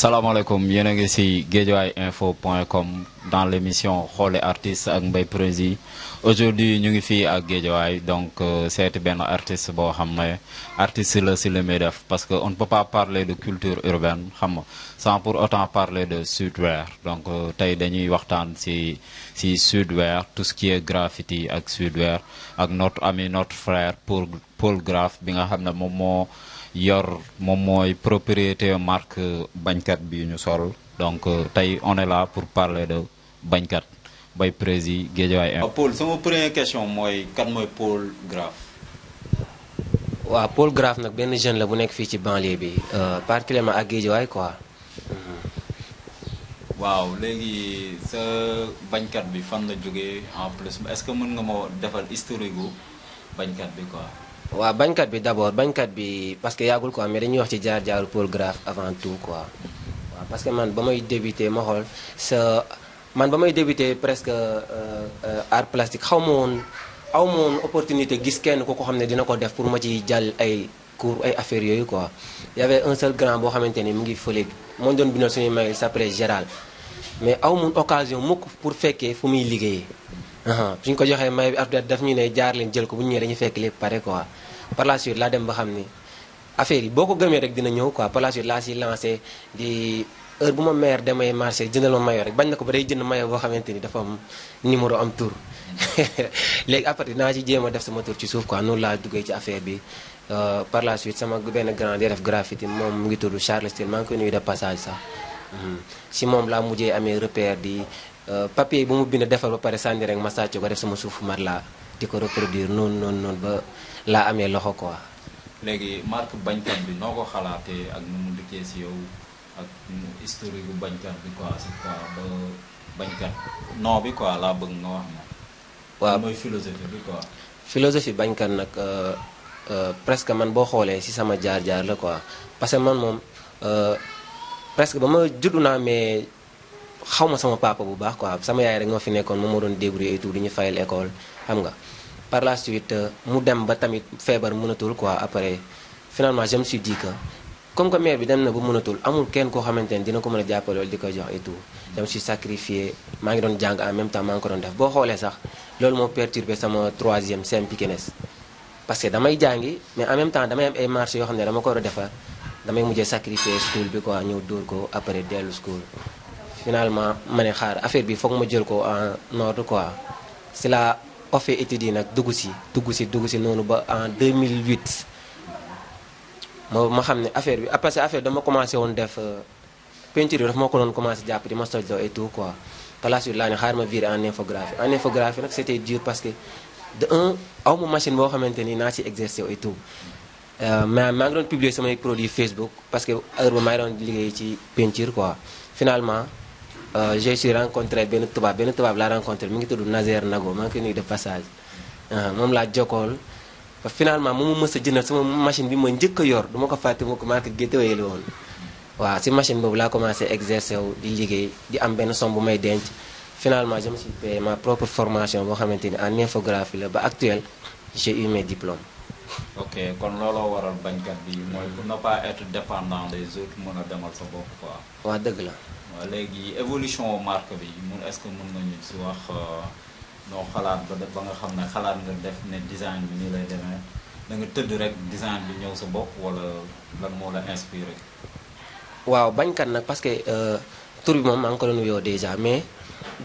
Salam alaikum. bienvenue sur si Info.com dans l'émission « émission artistes artiste ak aujourd'hui nous sommes ici ak donc c'est euh, un artiste qui est un artiste sur le le parce qu'on ne peut pas parler de culture urbaine xam sans pour autant parler de streetwear donc nous euh, dañuy waxtaan si si tout ce qui est graffiti avec streetwear avec notre ami notre frère Paul Paul Graff bi nga un moment yor moom mooy propriété marque bañkat bi ñu sol donc euh, tey on la pour parler de bañkat bay prési Guédiawaye ah, Paul sama première question mooy kat mooy Paul Graphe waaw Paul Graphe nag benn jeune la bu nekk fii ci banlieue bi euh, particulièrement ak Guédiawaye quoi mm-hmm. waaw léegi sa bañkat bi fan la jóge en plus est-ce que mën nga ma defal historique gu bañkat bi quoi wa bañkat bi d'abord bañkat bi parce que yàggul quoi mais dañuy wax ci jaar jaaru Paul graph avant tout quoi wa parce que man bamay may débuté ma xol ce man bamay may débuté presque euh, euh, art plastique xawmo ma awmo aw opportunité gis kenn ko ko xamné dina ko def pour ma ci jàll ay cours ay affaire yoyu quoi y avait un seul grand bo xamante ni mu ngi fële mo don bindal suñu mail il s'appelait Gérald mais awmo mun occasion mukk pour féké fu muy suñ ko joxee may bi after daf ñu ne jaar leen jël ko bu ñu ñëwee dañuy fekk lépp pare quoi par la suite laa dem ba xam ni affaire yi boo ko gëmee rek dina ñëw quoi par la suite laa si lancé di heure bu ma maire damay marché jëndal ma mayo rek bañ na ko ba day jënd boo xamante ni dafa am numéro am léegi après naa a def sama tur ci suuf quoi noonu laa duggee ci affaire bi euh, par la suite sama benn grand di def graffiti moom mu ngi tudd Charles Tine maa ngi koy nuyu de passage sax hmm. si moom laa mujjee amee repère di Euh, papier bu mu bind defar ba pare sànni rek ma sàcc ko def sama suufu mat laa di ko reproduire noonu noonu noonu ba laa amee loxo quoi. léegi marque bañkat bi noo ko xalaatee ak nu mu dikkee si yow ak historique bu bañkat bi quoi c'est quoi ba bañkat non bi quoi laa bëgg nga wax ma. waaw mooy philosophie bi quoi. philosophie bañkat nag euh, euh, presque man boo xoolee si sama jaar-jaar la quoi parce que man moom presque ba ma juddu naa mais. xaw ma sama papa bu baax ko sama yaay rek moo fi nekkoon moom moo doon débrouiller et tout di ñu xam nga par la suite euh, mu dem ba tamit feebar mënatul quoi après finalement je me suis dit que comme que mère bi dem na ba mënatul amul kenn koo xamante ne dina ko mën a jàppale wala di koy jox et tout je me maa ngi doon jàng en même temps maa ngi ko doon def boo xoolee sax loolu moo perturbé sama troisième sem Pikines parce que damay jàngi mais en même temps damay am ay marché yoo xam ne dama ko a defar damay mujjee sacrifié school bi quoi ñëw dóor ko après dellu school finalement mané xaar affaire bi foog ma jël ko en ordre quoi si la offre études yi nag dugg si dugg si dugg si noonu ba en 2008 ma ma xam ne affaire bi après affaire dama commencé woon def euh, peinture yi daf moo ko doon commencé jàpp di ma sojloo et tout quoi par la suite laa ne xaar ma viré en infographie en infographie nag c'était dur parce que de un aw ma machine boo xamante ni naa ci exercer et tout euh, mais maa ngi doon publier samay produit Facebook parce que heure ba maa ngi doon liggéey ci peinture quoi finalement euh, je suis rencontré ben tubaab ben tubaab la rencontré mi ngi tudd Nazer Nago maa ngi de passage euh, moom la jokkool finalement mu mës a jëndal sama machine bi ma njëkk yor du ma ko fàtte ma ko marque Guédiawaye la woon waaw si machine bobu la commencé exercer di liggéey di am ben somme bu may denc finalement je me suis payé ma propre formation bo xamante en infographie la ba actuel j'ai eu mes diplômes ok kon looloo waral bañkat bi mooy pour ne pas être dépendant des autres mën a demal sa bopp quoi. waaw dëgg la. waaw léegi évolution marque bi mun est-ce que mun nañu si wax euh, noo xalaat ba ba nga xam ne xalaat nga def ne design bi nii lay demee da nga tëdd rek design bi ñëw sa bopp wala lan moo la inspiré. waaw bañkat nag parce que euh, tur bi moom maa ngi ko doon wuyoo déjà mais.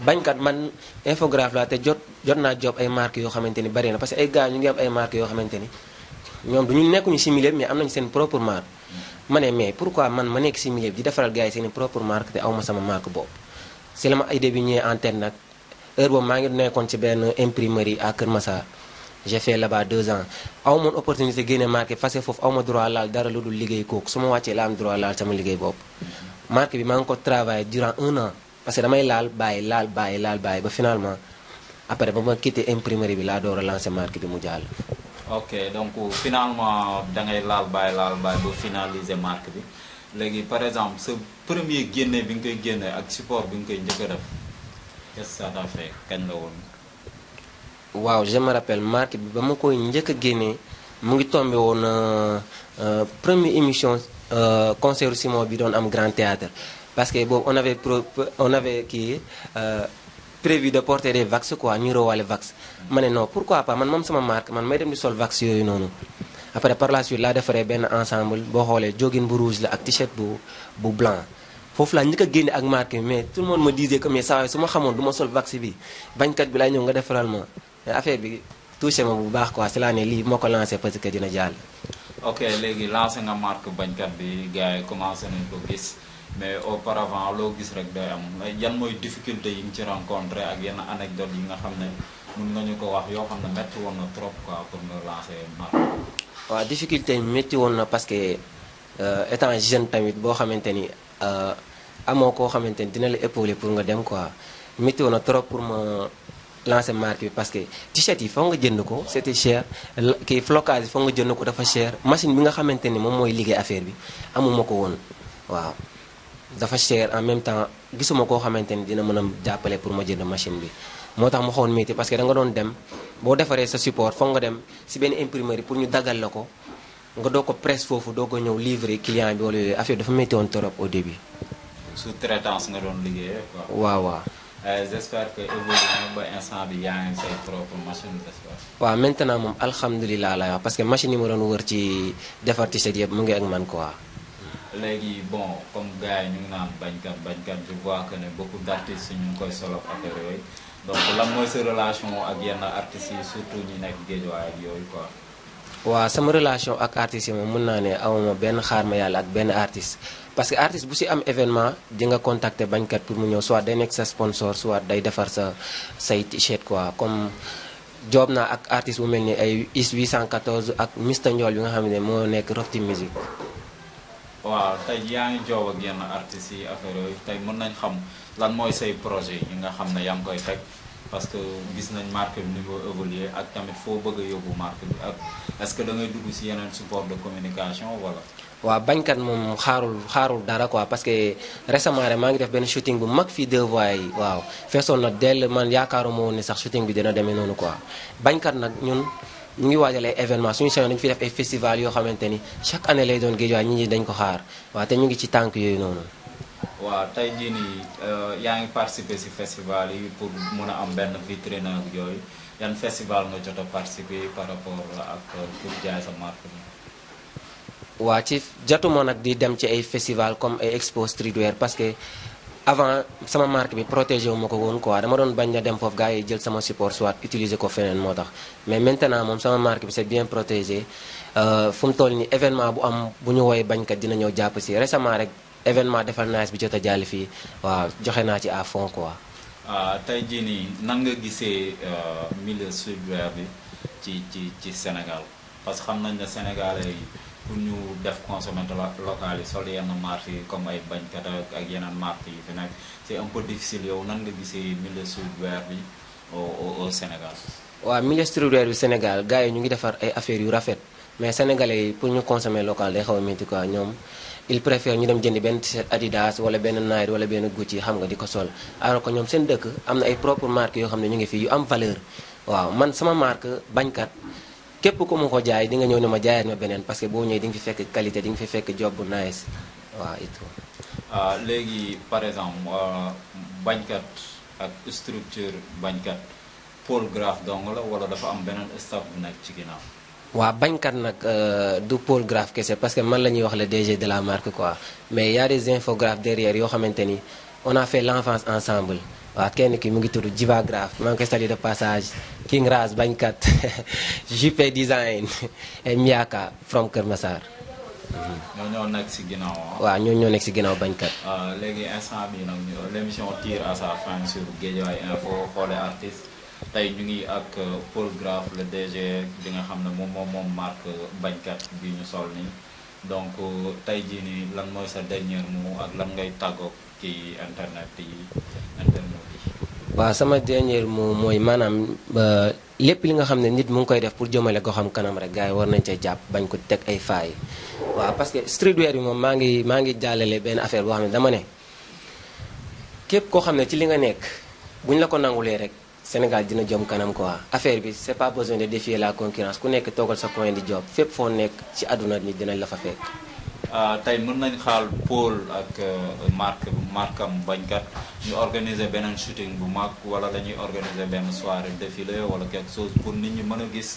bañkat man infographe laa te jot jot naa job ay marques yoo xamante ni bari na parce que ay gars ñu ngi am ay marques yoo xamante ni ñoom du ñu nekkuñu si milieu bi mais am nañu seen propre marque ma ne mais pourquoi man ma nekk si milieu bi di defaral gars yi seen propre marque te aw ma sama marque boobu si la bi ñëwee en nag heure maa ngi nekkoon ci benn imprimerie à Kër Massar j'ai fait là-bas deux ans aw moon opportunité génne marqué parce foofu aw ma droit laal dara lu dul liggéey kooku su ma wàccee la am droit laal sama liggéey boobu marque bi maa ngi ko travaillé durant un an parce que damay laal bàyyi laal bàyyi laal bàyyi ba finalement après ba ma quitté imprimerie bi laa door a lancé marque bi ok donc finalement da ngay laal bàyyi laal bàyyi ba finaliser marque bi légui par exemple ce premier génne bi nga koy génne ak support bi nga koy a def qu'est-ce que ça t'a fait kañ la woon. je me rappelle marque bi ba ma koy njëkk a mu ngi tombé euh, euh, première émission euh, concert Simon bi doon am Grand Théâtre parce que bon, on avait pro on avait qui prévu de porter des vax quoi ñu roowaale vax ma ne non pourquoi pas man moom sama marque man may dem di sol vax yooyu noonu après par la suite laa defaree benn ensemble boo jogging bu rouge la ak t-shirt bu blanc foofu laa njëkk a génne ak marque bi mais tout le monde me disait que mais saa su ma xamoon du ma sol vax bi bañkat bi laay ñëw nga defaral ma mais bi touché ma bu baax quoi cela ne lii moo ko lancé parce dina jàll. ok léegi lancé mais auparavant loo gis rek day am yan moy difficulté yi nga ci rencontrer ak yenn anecdote yi nga xamné mën nga ñu ko wax yo xamné metti won na trop quoi pour me lancer marque. waaw difficulté metti won na parce que euh, étant jeune tamit bo xamante ni euh, amoo koo xamante dina la épauler pour nga dem quoi metti won na trop pour me lancer marque bi parce que t-shirt yi foog nga jënd ko c'était cher ki flocage yi nga jënd ko dafa cher machine bi nga xamante ni moom mooy affaire bi amu mako won waaw. dafa cher en même temps gisuma koo xamante ni dina mën a jàppale pour ma jënd machine bi moo tax mu xawoon métti parce que da nga doon dem boo defaree sa support foog nga dem si benn imprimerie pour ñu daggal la ko nga doo ko presse foofu doo ko ñëw livrer client bi wala yooyu affaire dafa métti woon trop au début. sous-traitance nga doon liggéeyee waaw waaw. Euh, j'espère que évolué ba instant bi yaa ngi moom alhamdulilah la parce que machine yi ma doon wër ci defar ci set yëpp mu ngi ak man quoi. léegi bon comme gars yi ñu ngi naan bañkat bañkat je vois que ne beaucoup d' artistes ñu ngi koy solo affaire yooyu donc lan mooy sa relation ak yenn artistes yi surtout ñi nekk géejuwaay ak yooyu quoi. waaw sama relation ak artistes yi moom mën naa ne amuma benn xaar ma yàlla ak benn artiste parce que artiste bu si am événement di nga contacter bañkat pour mu ñëw soit day nekk sa sponsor soit day defar sa say t-shirt quoi comme. joob naa ak artiste bu mel ni ay IS 814 ak Mr Ndiol bi xam ne moo nekk Rock Team waaw tey yaa ngi joob ak yenn artistes yi affaire yooyu tey mën nañ xam lan mooy say projet yi nga xam ne yaa ngi koy teg parce que gis nañ marque bi ni ko évoluer ak tamit foo bëgg a yóbbu marque bi ak est-ce que da ngay dugg ci yeneen support de communication wala. waaw bañkat moom xaarul xaarul dara quoi parce que récemment rek maa ngi def benn shooting bu mag fii deux voies yi waaw feesoon na dell man yaakaaruma woon ne sax shooting bi dina demee noonu quoi bañkat nag ñun. ñu ngi waajalee événement suñu sañoon dañu fi def ay festival yoo xamante ni chaque année lay doon Guédiawaye ñi dañ ko xaar waaw te ñu ngi ci tànk yooyu noonu. waaw tey jii nii euh, yaa ngi participer ci festival yi pour mën a am benn vitrine ak yooyu yan festival nga jot a participer par rapport ak euh, pour jaay sa marque waa ci jotuma nag di dem ci ay festival comme ay expo streetwear parce que. avant sama marque bi protégé wu ko woon quoi dama doon bañ na dem foofu gars yi jël sama support soit utiliser ko feneen moo tax mais maintenant moom sama marque bi c'est bien protégé euh, fu mu toll nii événement bu am bu ñu woowee bañkat dina ñëw jàpp si récemment rek événement defal nice bi jot a jàll fii waaw joxe naa ci à fond quoi. Ah, tey jii nii nan nga gisee euh, milieu streetwear bi ci ci ci Sénégal parce que xam nañ ne Sénégalais pour ñu def consommer local yi sol yenn marques yi comme ay bañkat ak yeneen marques yi fi nekk un peu difficile yow nan nga gisee milieu streetwear bi au au Sénégal. waaw milieu streetwear bi Sénégal gars yi ñu ngi defar ay affaires yu rafet mais sénégalais yi pour ñu consommer local day xaw a métti quoi ñoom. il préfère ñu dem jëndi benn t-shirt Adidas wala benn Nike wala benn Gucci xam nga di ko sol alors que ñoom seen dëkk am na ay propre marques yoo xam ne ñu ngi fi am valeur man sama marque bañkat. képp ku mu ko jaay di nga ñëw ne ma jaayaat ma beneen parce que boo ñëwee di nga fi fekk qualité di nga fi fekk job bu nice waaw it ah, léegi par exemple bañkat ak structure bañkat Paul Graphe dong la wala dafa am beneen staff bu nekk ci ginnaaw. waaw bañkat nag euh, du Paul Graphe kese parce que man la ñuy wax le DG de la marque quoi mais y a des infographes derrière yoo xamante ni on a fait l'enfance ensemble. waaw kenn ki mu ngi tudd Djiba Graphe maa ngi koy salué de passage King Raz bañkat JP Design et Miaka from Kër Massar. ñoo ñoo nekk si ginnaaw ah. waaw ñoo ñoo nekk ci ginnaaw bañkat. Ah, léegi instant bii nag l'émission tire à sa fin sur Guédiawaye Info xoolee artiste tey ñu ngi ak euh, Paul Graphe le DG bi nga xam ne moom moom moom marque bañkat bi ñu sol nii. donc tey jii nii lan mooy sa dernier mot ak lan ngay tàggoog ci internet yi internet yi. waaw sama dernier mot mooy maanaam lépp li nga xam ne nit mu ngi koy def pour jëmale koo xam kanam rek gars yi war nañ cee jàpp bañ ko teg ay faay waaw parce que streetwear yi moom maa ngi maa ngi jàllale benn affaire boo xam ne dama ne képp koo xam ne ci li nga nekk buñ la ko nangulee rek. Sénégal dina jom kanam quoi affaire bi c'est pas besoin de défier la concurrence ku nekk toogal sa coin di job fépp foo nekk ci àdduna bi dinañ la fa fekk. Ah, tey mën nañ xaal Paul ak marque euh, markam bañkat ñu organiser beneen shooting bu mag wala dañuy organiser benn soirée défilé wala quelque chose pour nit ñi mën a gis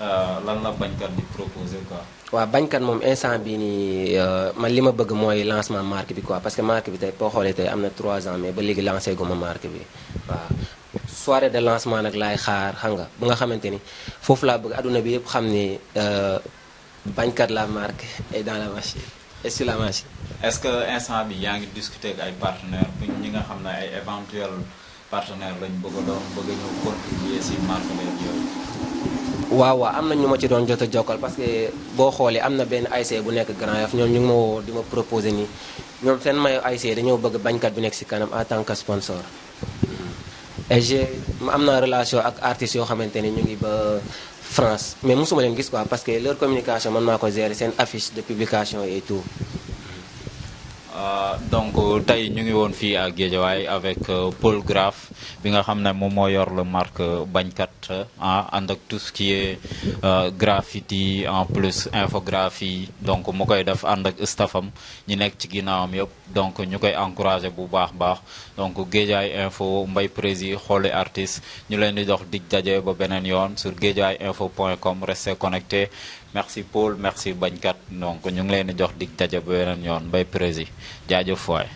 euh, lan la bañkat di proposer quoi. waaw bañkat moom instant bii nii euh, man li ma bëgg mooy lancement marque bi quoi parce que marque bi tey boo xoolee tey am na 3 ans mais ba léegi lancé gu ma marque bi waaw. soirée de lancement nag laay xaar xam nga ba nga xamante ni foofu laa bëgg àdduna bi yëpp xam ni euh, bañkat la marque est dans la machine est sur la machine. est-ce que instant bi yaa ngi discuter ak ay partenaires bu ñi nga xam ne ay éventuel partenaires lañ bëgg a doon bëgg a ñëw contribuer si marque beeg waaw waaw am na ñu ma ci doon jot a jokkal parce que boo xoolee am na benn ASC bu nekk Grand Yoff ñoom ñu ngi ma woo di ma proposé nii ñoom seen mayo ASC dañoo bëgg bañkat bu nekk si kanam en tant que sponsor. et j'ai une relation relation des artistes yo xamanteni ñu ngi ba France mais pas leen gis quoi parce que leur communication man une affiche de publication et tout Euh, donc tey ñu ngi woon fii à Guédiawaye avec euh, Paul Graff bi nga xam ne moom moo yor la marque euh, bañkat ah ànd ak tout ce qui est graffiti en plus infographie donc mu koy def ànd ak stafam ñu nekk ci ginnaawam yëpp donc ñu koy encouragé bu baax baax donc Guédiawaye info Mbaye Prési xooli artiste ñu leen di dox dig jaje ba beneen yoon sur guédiawaye info point com restez connecté merci Paul merci bañkat donc ñu ngi leen di jox dig daje ba beneen yoon mbay Prési Ya yo fue.